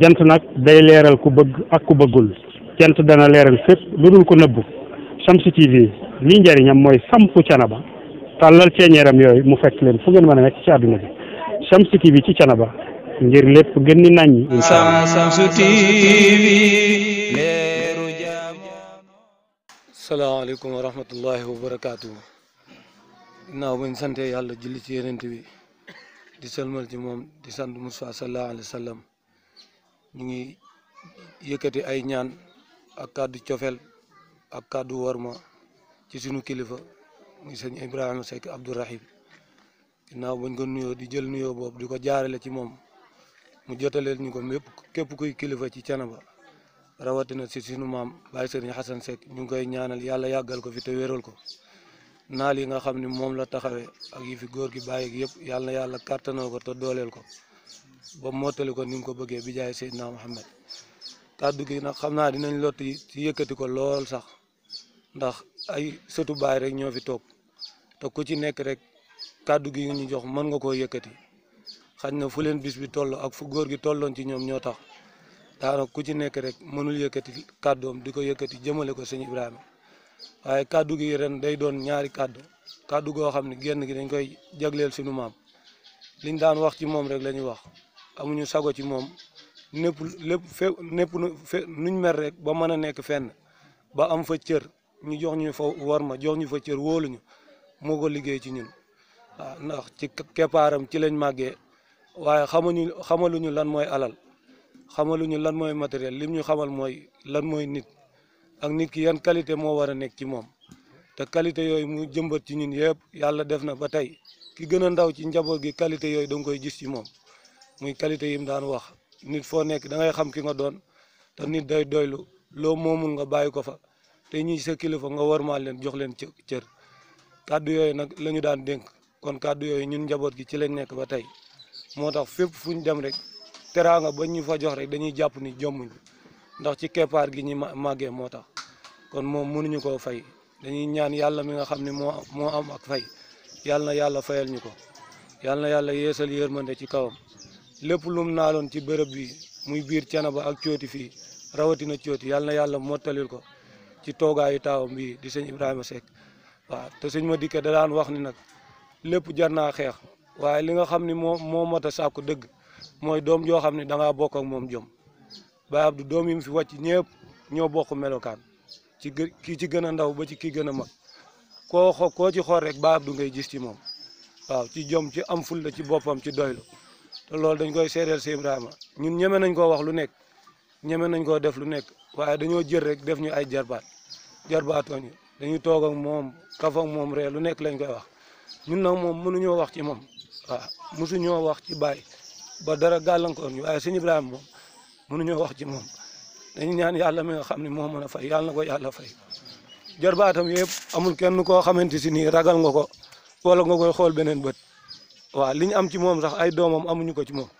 jant nag day leeral ku bëgg ak ku bëggul jant dana leeral fépp lu dul ko nëbbu Shamsu TV lii njëriñam mooy samp canaba tàllal ceeñeeram yooyu mu fekk leen fu ngeen mën a nekk ci àdduna bi Shamsu TV ci canaba ngir lépp gën ni naññi Shamsu TV leeru wa barakaatu ginnaaw bañ sante yàlla julli ci yenent di sëlmal ci moom di sant Musaa sallallahu alayhi wa sallam ñu ngi yëkkati ay ñaan ak kàddu cofeel ak kàddu warma ci sunu kilifa muy sëñ Ibrahima Seck Abdourahim ginnaaw bañ ko nuyoo di jël nuyoo boobu di ko jaarale ci moom mu jotaleel ñu ko mépp képp kuy kilifa ci Thiénaba rawatina si sunu maam Baye Serigne Hassan Seck ñu ngi koy ñaanal yàlla yàggal ko fi te wéral ko naal yi nga xam ne moom la taxawee ak yi fi góor gi bàyyi yëpp yàlla yàlla kàttanoo ko te dooleel ko ba mottali ko ni mu ko bëggee bi jaay Seydina Muhammad kàddu gi nag xam naa dinañ lot ci yëkkati ko lool sax ndax ay sëtu baay rek ñoo fi toog te ku ci nekk rek kàddu gi ñu jox mën nga koo yëkkati xaj na fu leen bis bi tolloo ak fu góor gi tolloon ci ñoom ñoo tax daanaka ku ci nekk rek mënul yëkkati kàddoom di ko yëkkati jëmale ko sëñ Ibrahima waaye kàddu gi ren day doon ñaari kàddu kàddu goo xam ne génn gi dañ koy jagleel suñu maam liñ daan wax ci moom rek la wax amuñu sago ci moom népp lépp fe népp nuñ mer rek ba mën a nekk fenn ba am fa cër ñu jox ñu fa war ma jox ñu fa cër wóoluñu moo ko liggéey ci ñun waaw ndax ci keppaaram ci lañ màggee waaye xamuñu xamaluñu lan mooy alal xamaluñu lan mooy matériel lim ñu xamal mooy lan mooy nit ak nit ki yan qualité moo war a nekk ci moom te qualité yooyu mu jëmbat ci ñun yëpp yàlla def na ba tey ki gëna ndaw ci njaboot gi qualité yooyu da koy jis ci moom muy qualité yi mu daan wax nit foo nekk da ngay xam ki nga doon te nit day doylu loo moomul nga bàyyi ko fa te ñi sa kilifa nga warmaal leen jox leen cër kàddu yooyu nag la ñu daan dénk kon kàddu yooyu ñun njaboot gi ci lañ nekk ba tey moo tax fépp fu ñu dem rek teraanga ba ñu fa jox rek dañuy jàpp ni jommuñ ndax ci keppaar gi ñi màggee moo tax kon moom mënuñu koo fay dañuy ñaan yàlla mi nga xam ne moo moo am ak fay yàlla na yàlla fayal ñu ko yàlla na kawam lépp lum naaloon ci bërëb bi muy biir ba ak cooti fii rawatina cooti yàlla na yàlla mottalil ko ci toogaayu taawam bi di sëñ Ibrahima Seck waaw te sëñ ma dikke da daan wax ni nag lépp jar naa xeex waaye li nga xam ni moo moo mot a sàkku dëgg mooy doom joo xam ne danga ngaa bokk ak moom jom ba Abdou doom yi fi wàcc ñëpp ñoo bokk melokaan ci kii ci gën a ndaw ba ci kii gën a mag koo koo ci xool rek Baye Abdou ngay jis ci moom waaw ci jom ci am ful la ci boppam ci doylu te loolu dañ koy seedeel si Ibrahima ñun ñeme nañ koo wax lu nekk ñeme nañ koo def lu nekk waaye dañoo jël rek def ñu ay jarbaat jarbaatooñu dañuy toog ak moom kaf moom ree lu nekk lañ koy wax ñun nag moom mënuñoo wax ci moom waaw mosuñoo wax ci baay ba dara gàllankoor ñu waaye sëñ Ibrahima moom mënuñoo wax ci moom dañu ñaan yàlla mi nga xam ne moo mën na fay yàlla na ko yàlla fay jarbaatam yëpp amul kenn koo xamante si nii ragal nga ko wala nga koy xool beneen bët waaw li ñu am ci moom sax ay doomam amuñu ko ci moom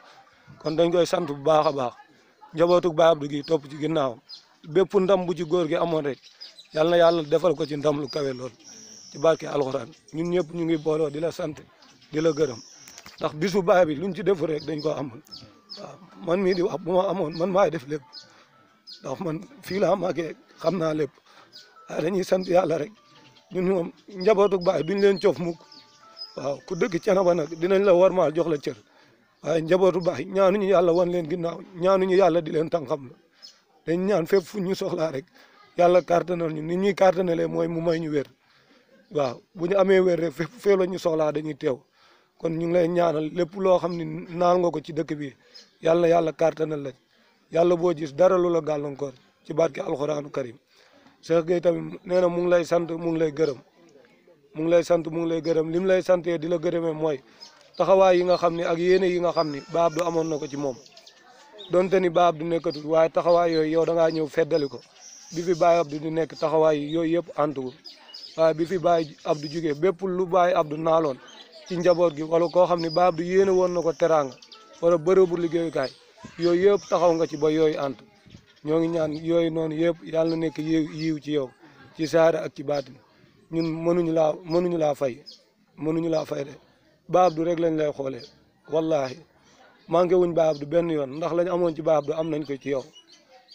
kon dañ koy sant bu baax a baax njabootuk Baye Abdou gi topp ci ginnaawam bépp ndam bu ci góor gi amoon rek yal na yàlla defal ko ci ndam lu kawe lool ci barke alxuraan ñun ñëpp ñu ngi booloo di la sant di la gërëm ndax bisu baay bi luñ ci defu rek dañ ko amul man mii di bu ma amoon man maay def lépp ndax man fii laa màggee xam naa lépp waaye dañuy sant yàlla rek ñun moom njabootuk baay duñ leen coof mukk waaw ku dëkk Thiénaba nag dinañ la war maal jox la cër waaye njabootu baax yi ñaanuñu yàlla wan leen ginnaaw ñaanuñu yàlla di leen tànqam la dañ ñaan fépp fu ñu soxlaa rek yàlla kàttanal ñu ni ñuy kàttanalee mooy mu may ñu wér waaw bu ñu amee wér rek fépp fee la ñu soxlaa dañuy teew kon ñu ngi lay ñaanal lépp loo xam ne naan nga ko ci dëkk bi yàlla yàlla kàttanal lañ yàlla boo gis dara lu la gàllankoor ci barke alxuraanu karim Cheikh Gueye tamit nee na mu ngi lay sant mu ngi lay gërëm mu ngi lay sant mu ngi lay gërëm li mu lay santee di la gërëmee mooy taxawaay yi nga xam ni ak yéene yi nga xam ni Ba Abdou amoon na ko ci moom donte ni Ba Abdou nekkatul waaye taxawaay yooyu yow da ngaa ñëw feddali ko bi fi Baye Abdou di nekk taxawaay yi yooyu yëpp antuwul waaye bi fi Baye Abdou jugee bépp lu ab du naaloon ci njaboot gi wala koo xam ni Baye Abdou yéene woon na ko teraanga wala bërëbu liggéeyukaay yooyu yëpp taxaw nga ci ba yooyu ant ñoo ngi ñaan yooyu noonu yëpp yàlla na nekk yiw yiw ci yow ci saara ak ci baatin ñun mënuñu laa mënuñu laa fay mënuñu laa fay de Baye Abdou rek lañ lay xoolee wallaahi manqué wuñ Baye Abdou benn yoon ndax lañ amoon ci baab Abdou am nañu ko ci yow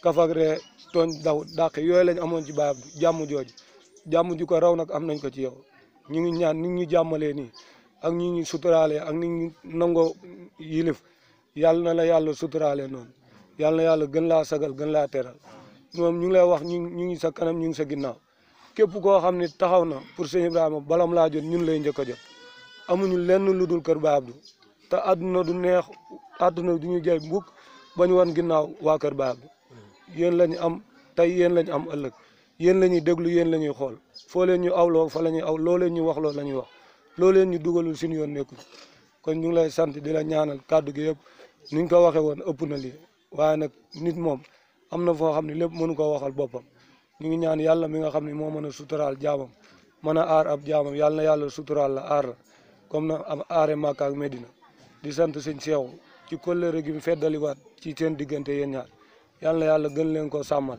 kafak ree tooñ daw dàq yooyu lañ amoon ci baab Abdou jàmm jooju jàmm ju ko raw nag am nañ ko ci yow ñu ngi ñaan ni ñu jàmmalee nii ak ñi ñu suturaalee ak ni ñu nangoo yilif yàlla na la yàlla suturaalee noonu yàlla na yàlla gën laa sagal gën laa teral moom ñu ngi lay wax ñu ñu ngi sa kanam ñu ngi sa ginnaaw képp koo xam ni taxaw na pour sëñ Ibrahima balam laa jot ñun lay jëkk a jot amuñu lenn lu dul kër Baay Abdu te àdduna du neex àdduna du ñu jël mbokk ba ñu wan ginnaaw waa kër Baay Abdu yéen la am tey yéen la am ëllëg yéen la ñuy déglu yéen la ñuy xool foo leen ñu awloo fa la ñuy aw loo leen ñu wax loo la ñuy wax loo leen ñu dugalul suñu yoon nekkul kon ñu ngi lay sant di la ñaanal kàddu gi yëpp ni ñu ko waxee woon ëpp na yi waaye nag nit moom am na foo xam ne lépp mënu ko waxal boppam ñu ngi ñaan yàlla mi nga xam ni moo mën a suturaal jaamam mën a aar ab jaamam yàlla yàlla suturaal la aar la comme na a aare Màkka ak Medina di sant sëñ Seexu ci kóllëre gi mu feddaliwaat ci seen diggante yéen ñaar yàlla yàlla gën leen ko sàmmal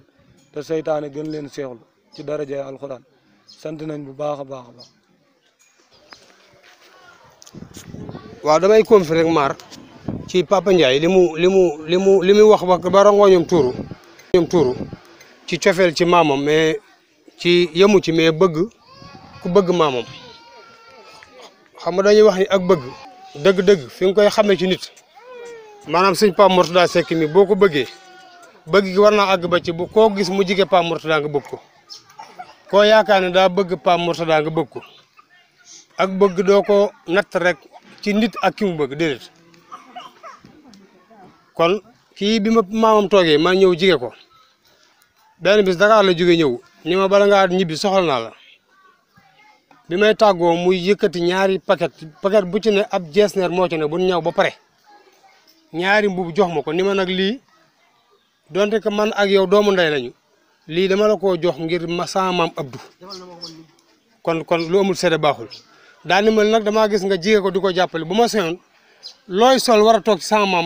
te seytaane gën leen seexlu ci daraja alxuraan sant nañ bu baax a baax a baax waaw damay confi rek maar ci Papa Ndiaye li mu li mu li mu li mu wax ba ba rongoo ñoom tuuru ci cofeel ci maamam mais ci yemu ci mais bëgg ku bëgg maamam xam nga dañuy wax ni ak bëgg dëgg-dëgg fi nga koy xamee ci nit maanaam sëñ Pape Mourtada Seck mi boo ko bëggee bëgg gi war na àgg ba ci bu koo gis mu jige Pape Mourtada nga bëgg ko koo yaakaar ne daa bëgg Pape Mourtada nga bëgg ko ak bëgg doo ko natt rek ci nit ak ki mu bëgg déedéet kon kii bi ma maamam toogee ma ñëw jige ko ben bis dara la jóge ñew ni ma bala nga ñibi soxal na la bi may taggo muy yëkëti ñaari paquet paquet bu ci ne ab jessner mo ci ne bu ñew ba paré ñaari mbub jox mako ko ni ma donte ko man ak yow doomu nday lañu li dama la ko jox ngir ma samam maam Abdou kon kon lu amul sédé baxul da ni mel nak dama gis nga jige ko diko ko buma bu ma sol wara tok sama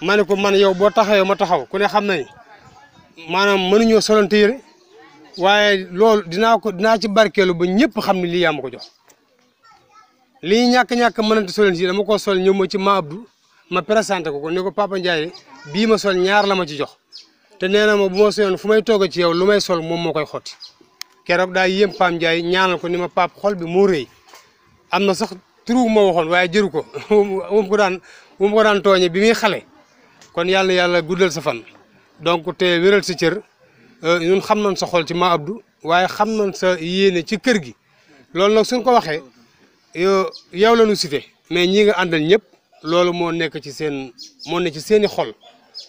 ma ne ko man yow boo taxawee ma taxaw ku ne xam nañ maanaam mënuñoo solante yére waaye loolu dinaa ko dinaa ci barkeelu ba ñëpp xam ne lii yaa ma ko jox li ñàkk-ñàkk mënante solante yére dama ko sol ñëw ma ci ma Abdou ma présenté ko ko ne ko Papa njaay bii ma sol ñaar la ma ci jox te nee na ma bu ma soyoon fu may toog ci yow lu may sol moom moo koy xotti keroog daa yéem Pam Ndiaye ñaanal ko ni ma pap xol bi moo rëy am na sax turu ma waxoon waaye jëru ko moom ko daan moom ko daan tooñe bi muy xale kon yàlla yàlla guddal sa fan donc te wéral sa cër euh, ñun xam nañ sa xol ci maa Abdou waaye xam nañ sa yéene ci kër gi loolu nag suñ ko waxee yow la ñu cité mais ñi nga àndal ñëpp loolu moo nekk ci seen moo ne ci seeni xol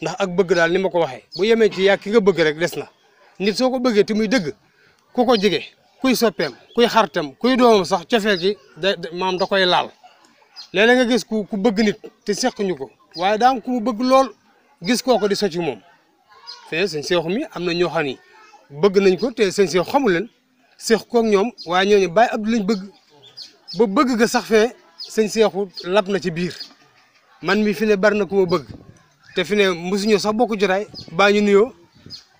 ndax ak bëgg daal ni ma ko waxee bu yemee ci yaa ki nga bëgg rek des na nit soo ko bëggee te muy dëgg ku ko jege kuy soppeem kuy xaritam kuy doomam sax cofeel gi da maam da koy laal léeg nga gis ku bëgg nit te seq ñu ko waaye daa am ku bëgg lool gis kooko di so moom te sëñ Seex mi am na ñoo xam ni bëgg nañ ko te sëñ Seex xamul leen Seex kook ñoom waaye ñooñu Baay Abdu lañ bëgg ba bëgg ga sax fee sëñ Seexu lab na ci biir man mi fi ne bari na ku ma bëgg te fi ne mosuñoo sax bokku jotaay baa ñu nuyoo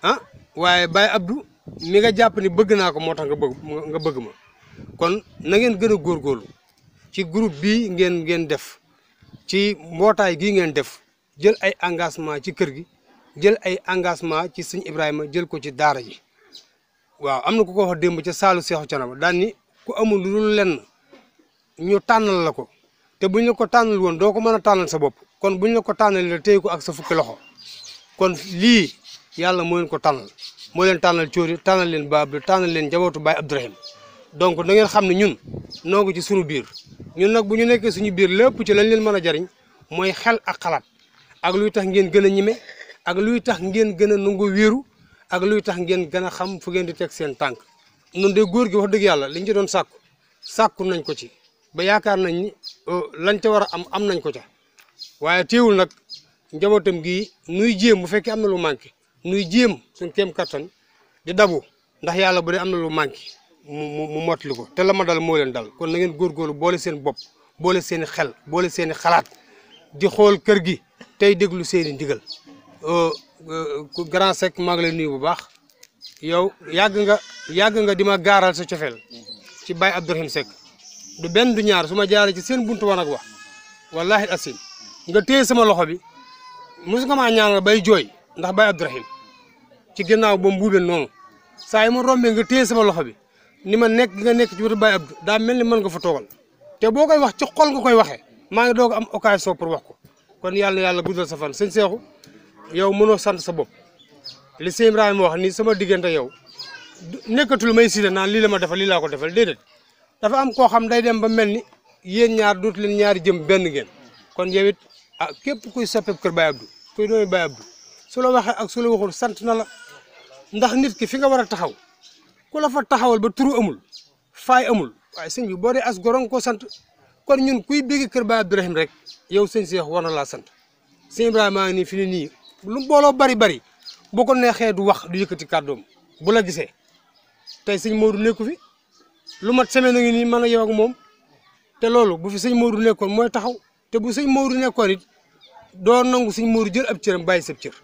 ah waaye Baay Abdu mi nga jàpp ni bëgg naa ko moo tax nga bëgg nga bëgg ma kon na ngeen gën a góorgóorlu ci groupe bii ngeen ngeen def ci mbootaay gi ngeen def jël ay engagement ci kër gi jël ay engagement ci sëñ Ibrahima jël ko ci daara ji waaw am na ku ko wax démb ca saalu seexu canaba daan ni ko amul lu dul lenn ñu tànnal la ko te buñ la ko tànnal woon doo ko mën a tànnal sa bopp kon buñ la ko tànnalee la ko ak sa fukki loxo kon lii yàlla moo leen ko tànnal moo leen tànnal cóori tànnal leen baab tànnal leen jabootu baay Abdourahim donc na ngeen xam ne ñun noo ngi ci sunu biir ñun nag bu ñu nekkee suñu biir lépp ci lañ leen mën a jariñ mooy xel ak xalaat ak luy tax ngeen gën a ñime ak luy tax ngeen gën a nangu wéeru ak luy tax ngeen gën a xam fu ngeen di teg seen tànk nun de góor gi wax dëgg yàlla liñ ci doon sàkku sàkku nañ ko ci ba yaakaar nañ ni euh, lañ ca war a am am nañ ko ca waaye teewul nag njabootam gi nuy jéem bu fekkee am na lu manqué nuy jéem suñ kem kattan di dabu ndax yàlla bu dee am na lu manqué mu mu mottali ko te la ma dal moo leen dal kon na ngeen góorgóorlu boole seen bopp boole seen xel boole seeni xalaat di xool kër gi tey déglu seeni i ndigal euh, euh, grand sec maa nii bu baax yow yàgg nga yàgg nga di ma gaaral sa cofeel ci bay Abdourahim Seck du benn du ñaar su ma jaaree ci seen bunt wan ak wax wallahi asim nga téye sama loxo bi mosu nga maa ñaanal bay jooy ndax Baye Abdourahim ci ginnaaw ba mbuubeen noonu saa yi ma rombee nga téye sama loxo bi ni ma nekk nga nekk ci wetu Baye Abdou daa mel ni mën nga fa toogal te boo koy wax ci xol nga koy waxee maa ngi doog am occasion pour wax ko kon yàlla yàlla guddal sa fan sëñ Seexu yow mënoo sant sa bopp li sëñ wax ni sama diggante yow nekkatul may si naan lii la defal lii laa ko defal déedéet dafa am koo xam day dem ba mel ni yéen ñaar duut ñaari jëm benn ngeen kon yow it ah, képp kuy soppeeb kër kuy doomi Baye Abdou su la ak su la sant na la ndax nit ki fi nga war a taxaw ku la fa taxawal ba turu amul faay amul waaye sëñ bi boo dee as ko sant kon ñun kuy bégg kër Baay Abdourahim rek yow sëñ Seex war na laa sant sëñ Ibrahima nii fi ne nii lu mbooloo bari bari boo ko neexee du wax du yëkkati kàddoom bu la gisee tey sëñ Modou nekku fi lu mat semaine ngi nii man a yow moom te loolu bu fi sëñ Modou nekkoon mooy taxaw te bu sëñ Modou nekkoon it doo nangu sëñ Modou jël ab cëram bàyyi sab cër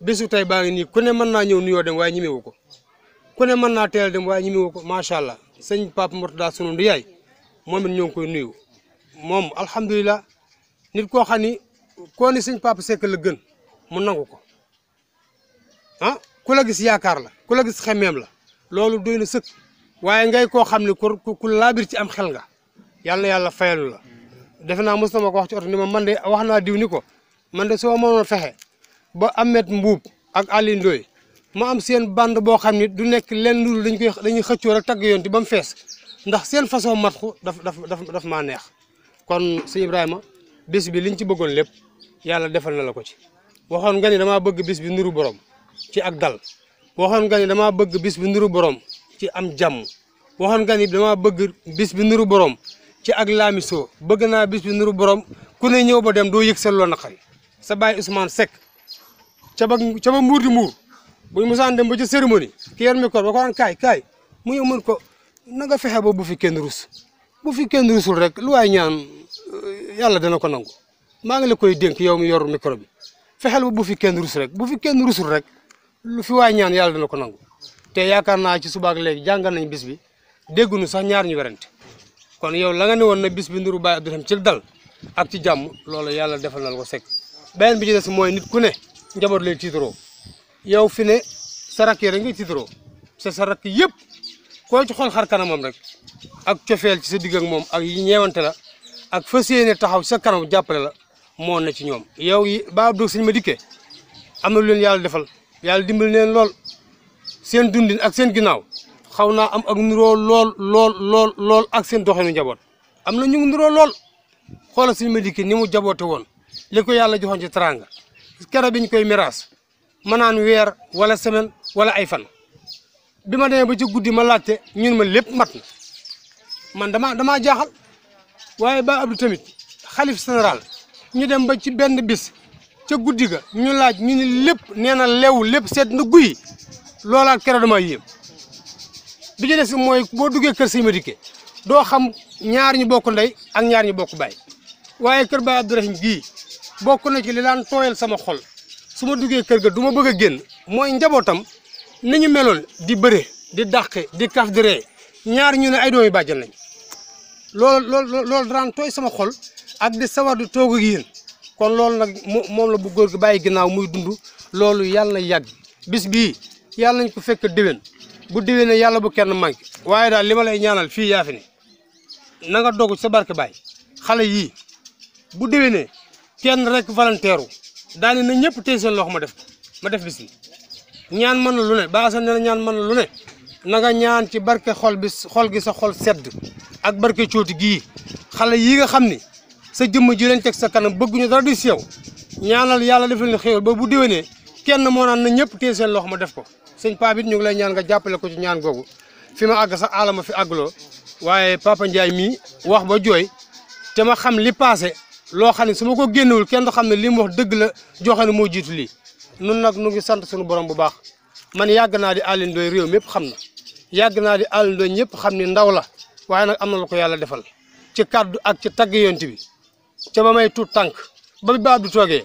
bésu tey baa ngi nii ku ne mën naa ñëw nuyoo dem waaye ñemewu ko ku ne mën naa teel dem waaye ñu ko macha allah sëñ Pape Mourtada sunu ndu yaay moom it ñoo ngi koy nuyu moom alhamdulilah nit koo xam ni koo ni sëñ Pape Seck la gën mu nangu ko ah ku la gis yaakaar la ku la gis xemeem la loolu doy na sëkk ngay koo xam ne ku ku laabir ci am xel nga yàlla na yàlla fayalu la defe naa mos na ma ko wax ci oto ni ma man de wax naa diw ni ko man de soo mënoon fexe ba Ahmed Mbuub ak Aliou Ndoye Ma am seen bande bo xamni du nek len lu dañ koy dañuy xëccu rek tag ti fess ndax seen façon matxu daf daf daf daf maa neex kon sëñ Ibrahima bis bi liñ ci ya lepp yalla defal na la ko ci waxon nga ni dama bëgg bis bi nuru borom ci ak dal waxon nga ni dama bëgg bis bi nuru borom ci am jam waxon nga ni dama bëgg bis bi nuru borom ci ak lamiso bëgg na bis bi nuru borom ku ne ñew ba dem do yëg lo loo naqari sa baye Ousmane sek ca ba ca ba buñ mosaan dem ba ci cérémonie ki yor micro ba ko daan kaay kaay mu ñëw mën ko na nga fexe ba bu fi kenn rus bu fi kenn rusul rek lu waay ñaan eh, yàlla dana ko nangu maa ngi la koy dénk yow mi yor micro bi fexeel bu fi kenn rus rek bu fi rusul rek lu fi waay ñaan yàlla dana ko nangu te yaakaar naa ci subaak léegi jàngal nañ bis bi dégguñu sax ñaar ñu werante kon yow la nga ne woon na bis bi nduru Baye Abdou Rahim ci dal ak ci jàmm loolu yàlla defal na la ko sekk beneen bi ci mooy nit ku ne njaboot lay tiitaroo yow fi ne sa rek nga tiitaroo sa sa rakk yëpp koo ci xool xar kanamam rek ak cofeel ci sa digg moom ak yi ñeewante la ak fa yéene taxaw sa kanam jàppale la moo na ci ñoom yow yi ba Abdou sëñ ma dikkee am na lu leen yàlla defal yàlla dimbal leen lool seen dundin ak seen ginnaaw xaw naa am ak nuroo lool lool lool lool ak seen doxinu njaboot am na ñu ngi nuroo lool xoolal sëñ ma dikkee ni mu jaboote woon li ko yàlla joxoon ci teraanga kera bi ñu koy miraas manaan weer wala semaine wala ay fan bi ma demee ba ca guddi ma laajte ñun ma lépp mat na man dama damaa jaaxal waaye ba Abdou tamit xalif général ñu dem ba ci benn bis ca guddi ga ñu laaj ñu lépp nee na lew lépp seet na guyi loolaat keroog dama yéem bi ci des mooy boo duggee kër Sëñ Madike doo xam ñaar ñu bokk ndey ak ñaar ñu bokk baay waaye kër ba Abdourahim gii bokk na ci li daan tooyal sama xol su ma duggee kër ga duma bëgg a génn mooy njabootam ni ñu meloon di bëre di dàqe di kaf di ñaar ñu ne ay doomi bàjjan lañ loolu loolu loolu tooy sama xol ak di sawar di toog a yéen kon loolu nag moom la bu góor gi bàyyi ginaaw muy dund loolu yàlla na yàgg bis bii yàlla nañ ku fekk déwén bu déwénee yàlla bu kenn manqué waaye daal li ma lay ñaanal fii yaa fi ne na nga dogu sa barke baay xale yii bu déwénee kenn rek volontaire daani na ñepp tey seen lox ma def ma def bis bi ñaan man lu ne baasa ne ñaan man lu ne na nga ñaan ci barke xol bis xol gi sa xol sedd ak barke cioti gi xale yi nga xamni sa jëm ji leen tek sa kanam ñu dara di si yow ñaanal yalla defal ni xewal ba bu déwénee kenn mo naan na ñepp tey seen lox ma def ko sëñ pa bit ñu ngi lay ñaan nga jappale ko ci ñaan gogu fi ma ag sax alama fi aglo waye Papa ndjay mi wax ba joy te ma xam li passé loo xam ne su ma ko génnewul kenn du xam ne li mu wax dëgg la joxe ne moo jiitu lii nun nag nu ngi sant suñu borom bu baax man yàgg naa di Alioune Ndoye réew mépp xam na yàgg naa di Alioune Ndoye ñëpp xam ni ndaw la waaye nag am na lu ko yàlla defal ci kàddu ak ci tagg yonti bi ca ba may tuut tànk ba baab du toogee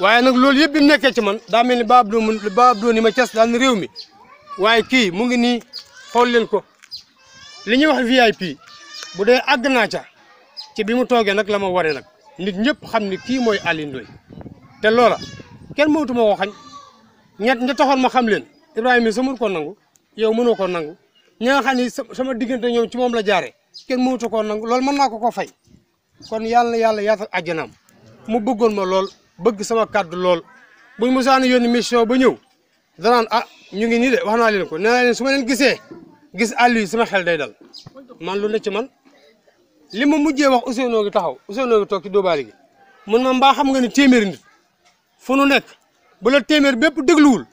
waaye nag loolu yëpp bi nekkee ci man daa mel ni baab doo baab ni ma cas daan réew mi waaye kii mu ngi nii xool leen ko li ñuy wax VIP bu dee àgg naa ca ci bi mu toogee nag la ma waree nag nit ñëpp xam ni kii mooy Alioune te loola kenn mënatu ma ko xañ ñett ña taxoon ma xam leen Ibrahima sa koo nangu yow mënoo koo nangu ñi nga xam ni sama diggante ñoom ci moom la jaaree kenn mënatu koo nangu loolu mën naa ko koo fay kon yàlla na yàlla yaatal àjjanaam mu bëggoon ma lool bëgg sama kàddu lool buñ mosaan yónni mission ba ñëw danaan a ah, ñu ngi nii de wax naa leen ko nee naa leen su ma gisee gis àll sama xel day dal man lu ne ci man li ma mujjee wax Ousseynou gi taxaw Ousseynou gi toog ci dóobaale gi mun ma mbaa xam nga ni téeméeri nit fu nu nekk bu la téeméer bépp dégluwul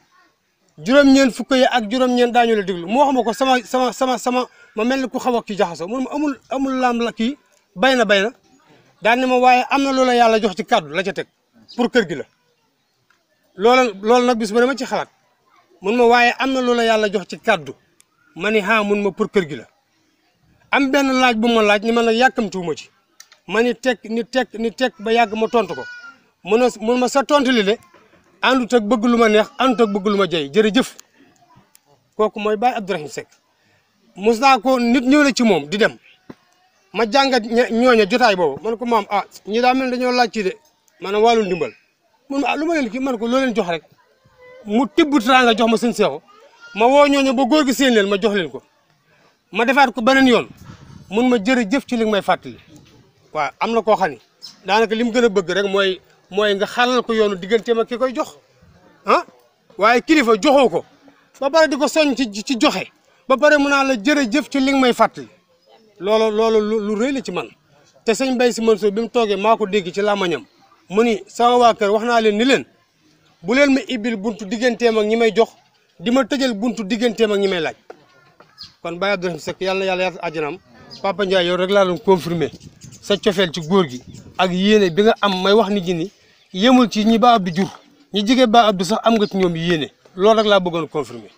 juróom-ñeent fukk yi ak juróom-ñeent daañu la déglu moo xam ko sama sama sama sama ma mel ni ku xaw a kii jaxasoo mun ma amul amul laam la kii bay na bay na daan ne ma waaye am na loola yàlla jox ci kàddu la ca teg pour kër gi la loola loolu nag bis ba ma ci xalaat mun ma waaye am na loola yàlla jox ci kàddu ma ni ha mun ma pour kër gi la am benn laaj bu ma laaj ni ma nag yàkkamtuwuma ci ma ni teg ni teg ni teg ba yàgg ma tontu ko mun a mun ma sa tontu li de àndut ak bëgg lu ma neex àndut ak bëgg lu ma jey jërëjëf kooku mooy Baye Abdourahim Seck mos naa ko nit ñëw na ci moom di dem ma jàngat ñooña jotaay boobu man ko maam a ah, ñi daa mel dañoo laaj ci de maanaam wàllu ndimbal mun ma ah lu ma leen kii man ko loo leen jox rek mu tibb teraanga jox ma seen seexu ma woo ñooñu ba góor gi seen leen ma jox leen ko ma defaat ko beneen yoon mun ma jërëjëf ci li may fàttali waaw am na koo xam ne daanaka li mu gën a bëgg rek mooy mooy nga xalal ko yoonu digganteem ak ki koy jox ah waaye kilifa joxoo ko ba pare di ko soñ ci ci joxe ba pare mun naa la jërëjëf ci li may fàttali loolu loolu lu rëy la ci man te sëñ si Sy Mansour bi mu toogee maa ko dégg ci làmmañam mu ni sama waa kër wax naa leen ni leen bu leen ma ibbil buntu digganteem ak ñi may jox di ma tëjal buntu digganteem ak ñi may laaj kon Baye Abdou Rahim yalla yalla na yàlla papa ndjay yow rek la lu confirmer sa cofeel ci goor gi ak yene bi nga am may wax ni jini yemul ci ñi ba Abdou jur ñi jige ba Abdou sax am nga ci ñom yene lool rek la bëggon confirmer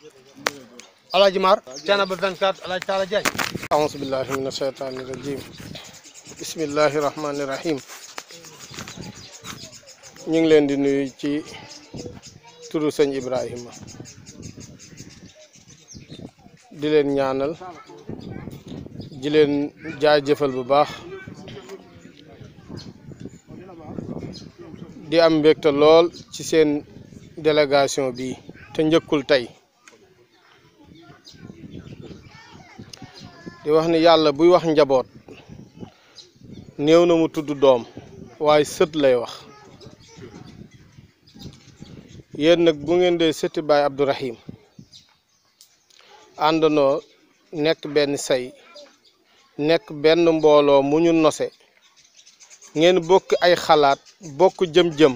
aladji Mar ba 24 alaaji Taala Diagne a'udhu billahi minash shaitanir rajim bismillahir rahmanir rahim ñing leen di nuyu ci turu seigne Ibrahima di leen ñaanal di leen jaajëfal bu baax di am mbégte lool ci seen délégation bi te njëkkul tey di wax ni yàlla buy wax njaboot néew na mu tudd doom waaye sët lay wax yéen nag bu ngeen dee sëti baay Abdourahim àndandoo nekk benn say nekk benn mbooloo mu ñu nose ngeen bokk ay xalaat bokk jëm-jëm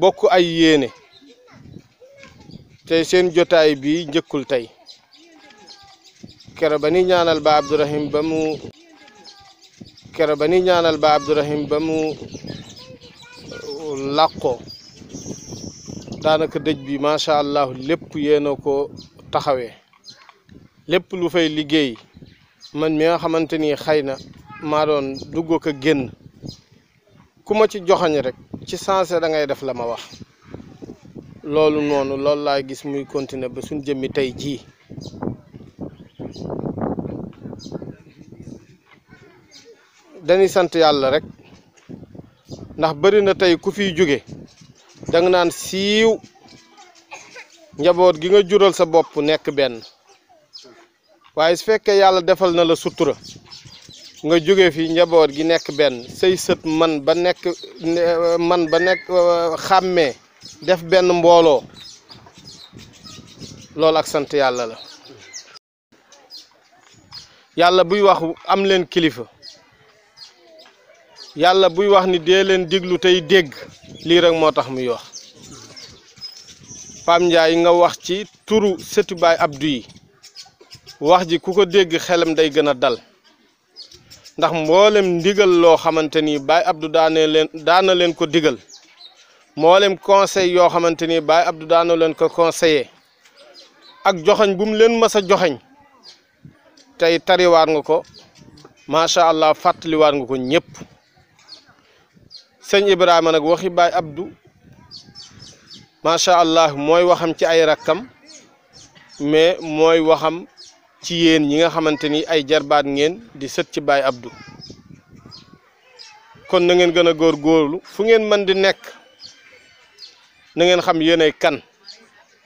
bokk ay yéene te seen jotaay bi njëkkul tey kere ba ni ñaanal ba Abdourahim ba mu kere ñaanal ba Abdourahim ba mu uh, làqoo daanaka dëj bi macha allah lépp yéena ko taxawee lepp lu fay liggey man mi nga xamanteni maron ma don duggo ko genn kuma ci joxañ rek ci sensé da ngay def lama wax lolou noonu lolou la gis muy continuer ba suñ jëmi tay ji dañi sant yalla rek ndax bari na tay ku fi da nga siiw njabot gi nga jural sa bop nek benn waye su fekke yalla defal na la sutura nga joge fi njabot gi nek ben sey seut man ba nek man ba nek euh, xamé def ben mbolo lol ak sante yalla la yalla buy wax am len kilifa yalla buy wax ni de len diglu tay deg li rek motax muy Pam nga wax ci turu setu bay Abdou wax ji ku ko dégg xelam day gën a dal ndax mboolem ndigal loo xamante ni Baye Abdou daane leen daana leen ko digal mboolem conseil yoo xamante ni Baye Abdou daana leen ko conseiller ak joxañ bu mu leen masa a joxañ tey tariwaat nga ko macha allah fàttaliwaat nga ko ñëpp sëñ Ibrahima nag waxi Baye Abdou macha allah mooy waxam ci ay rakkam mais mooy waxam ci yeen ñi nga xamanteni ay jarbaat ngeen di seut ci Baye Abdou kon na ngeen gëna gor gorlu fu ngeen man di nek na ngeen xam kan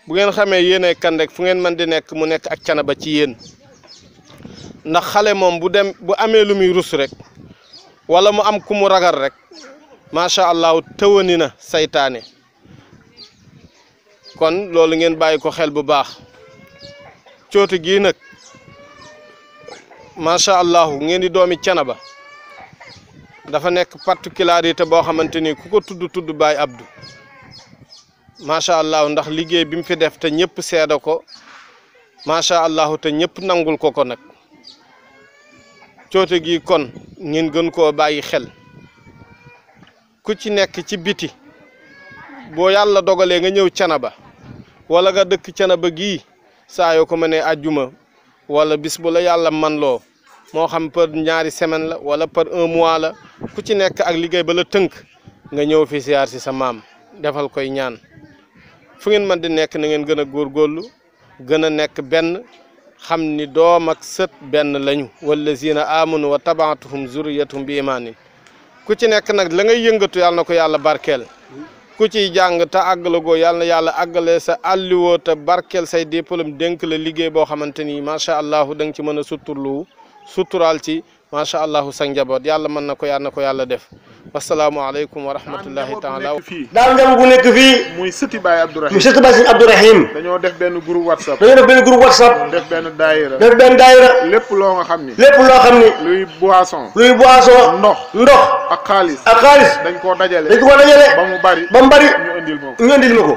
bu ngeen xamee kan rek fu ngeen man di nek mu nek ak ba ci yeen ndax xalé mom bu dem bu amé lu muy russ rek wala mu am ku mu ragal rek sha allah tëwani saytane kon lolou ngeen bayiko ko xel bu baax gi nak macha allah ngeen di doomi Thiénaba dafa nekk particularité boo xamante ni ku ko tudd tudd Baye Abdou macha allah ndax liggéey bi mu fi def te ñëpp seeda ko macha allah te ñëpp nangul ko ko nag coote gi kon ngeen gën koo bàyyi xel ku ci nekk ci biti boo yàlla dogalee nga ñëw Thiénaba wala nga dëkk Thiénaba gii saa yoo ko ne àjjuma wala bis bu la yàlla man loo moo xam par ñaari semaine la wala par un mois la ku ci nekk ak liggéey ba la tënk nga ñëw fi siyaar si sa maam defal koy ñaan fu ngeen mën di nekk na ngeen gën a góorgóorlu gën a nekk benn xam ni doom ak sët benn lañu wallazina amanu wa tabaatuhum zurriyatum bi imaanin ku ci nekk nag la ngay yëngatu yàlla na ko yàlla barkeel ku ciy jàng te àggalagoo yàlla na yàlla àggale sa àlliwoo te barkeel say diplôme dénk la liggéey boo xamante ni macha allah da nga ci mën a suturlu suturaal ci macha allahu sa njaboot yàlla mën na ko yàlla na ko yàlla def wasalaamualeykum wa rahmatullahi taala daal njaboot bu nekk fii muy sëti baay abdourahim muy sëti baay sëñ abdourahim dañoo def benn groupe whatsapp dañoo def benn groupe whatsapp def benn daayira lépp loo nga xam ni lépp loo xam ni luy boisson ndox ndox ak xaalis ak xaalis dañ koo dajale dañ ba mu bari ba mu bari ñu indil ma ko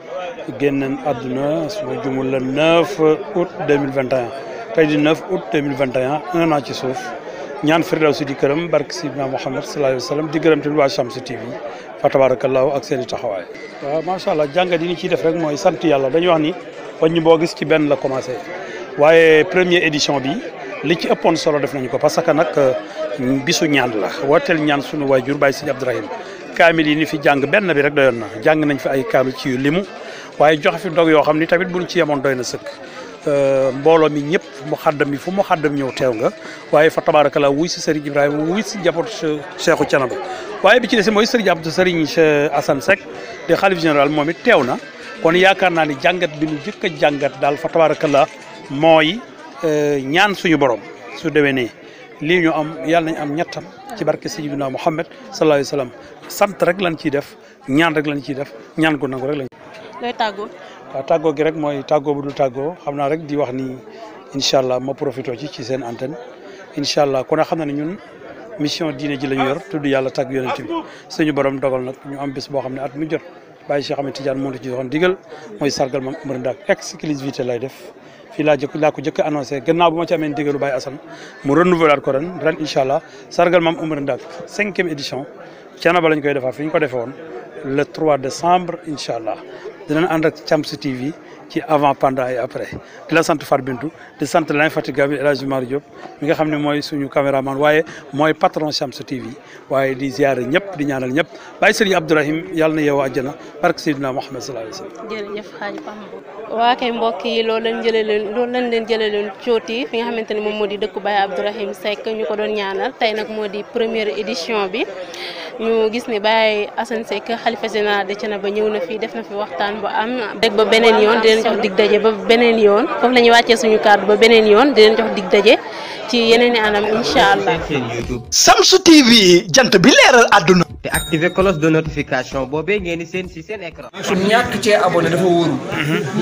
génn nañ àdduna suba jumul le 9 août 2021 tey di 9 août 2021 un an ci suuf ñaan firdaw si di këram barke sidna Muhammad sallallahu Alaihi Wasallam. di gërëm tamit waa Shamsu TV fa tabarakallahu ak seen i taxawaay. waaw macha allah jàngat yi ñu ciy def rek mooy sant yàlla dañuy wax ni ñu boo gis ci benn la commencé waaye première édition bi li ci ëppoon solo def nañu ko parce que nag euh, bisu ñaan la wooteel ñaan sunu waajur Baye Sidi Abdourahim kaamil yi ni fi jàng benn bi rek doyoon na jàng nañ fi ay kaamil ci limu. waaye joxe fi ndog yoo xam ni tamit buñ ci yemoon doy na sëkk euh, mbooloo mi ñëpp mu xaddam mi fu mu xaddam ñëw teew nga waaye fa tabaarakala wuy si Serigne Ibrahima wuy si jaboot Cheikhou Thiénaba waaye bi ci des mooy Serigne Abdou Serigne Assane Seck di xalif général moom it teew na kon yaakaar naa ni jàngat bi ñu jëkk jàngat daal fa tabaarakala mooy euh, ñaan suñu borom su demee nii lii ñu am yàlla nañ am ñettam ci barke naa Muhammad sallallahu alayhi wa sallam sant rek lañ ciy def ñaan lañ ciy def ñaan ko nangu rek lañ looy tàggoo. waaw tàggoo gi rek mooy tàggoo bu dul tàggoo xam rek di wax ni allah ma profité ci ci seen antenne allah kon xam ñun mission diine ji la ñu yor tudd yàlla tàgg yonent bi suñu borom dogal nag ñu am bés boo xam at mu jot bàyyi Cheikh Tidiane ci digal sargal ma Oumar exclusivité lay def. fii laa jëkk laa ko jëkk annoncé gannaaw bu ma ci amee ndigalu Baye mu renouveler ko ren ren allah sargal maam Oumar Ndak cinquième édition Thiénaba lañ koy defaat fi ko defee le 3 décembre incha allah dinañ ànd ak Thiam's TV ci avant pendant et après di la sant Fat Bintou di sant l'infatigable El Hadj Mar mi nga xam ne mooy suñu caméraman waaye mooy patron Thiam's TV waaye di ziare ñëpp di ñaanal ñëpp waaye Serigne Abdourahim yàlla na yeewoo àjjana barke Seydina Mouhamed sallallahu alayhi waa kay mbokk yi loolu lañ jëlee leen loolu lañ leen jëlee leen cooti fi nga xamante ne moom moo di dëkku Baye Abdourahim Seck ñu ko doon ñaanal tey nag moo di première édition bi. ñu gis ni Baye Assane Seck xalifa général de ba ñëw na fii def na fi waxtaan bu am rek ba beneen yoon di leen jox dig daje ba beneen yoon foofu la ñuy wàccee suñu kàddu ba beneen yoon di leen jox dig daje ci yeneen i anam incha allah. Samsu TV jant bi leeral àdduna. te activer cloche de notification boobee ngeen di seen si seen écran. su ñàkk cee abonné dafa wóoru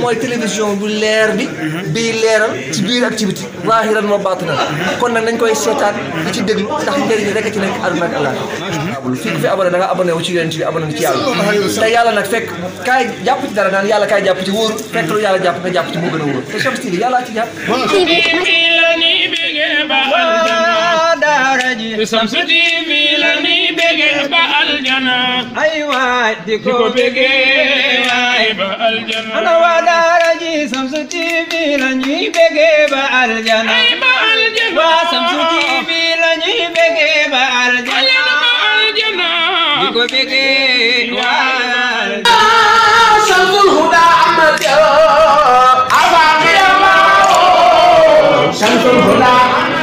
mooy télévision bu leer bi. bii leeral ci biir activité. waahiran ma baatina kon nag nañ koy seetaan di ci déglu ndax njëriñ rek ci nekk àdduna ak Allah. fii ku fi abonné da nga abonné wu ci yonent bi abonné ci yàlla. te yàlla nag fekk kaay jàpp ci dara naan yàlla kaay jàpp ci wóoru fekk lu yàlla jàpp nga jàpp ci moo gën a wóor te Shamsu TV yàllaa ci jàpp. Shamsu TV. ay waay di ko bëggee waay ba aljana ana waa daara ji Shamsu TV la ñuy bëggee ba aljana ay ba aljana waa Shamsu TV la ñuy bëggee ba aljana di ko bëggee waay Shamsul Huda amat yo afa qiyama Shamsul Huda